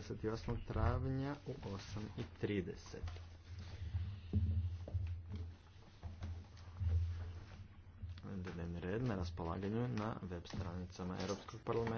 28. travnja u 8.30. Dnevni red na raspolaganju na web stranicama Europskog parlamenta.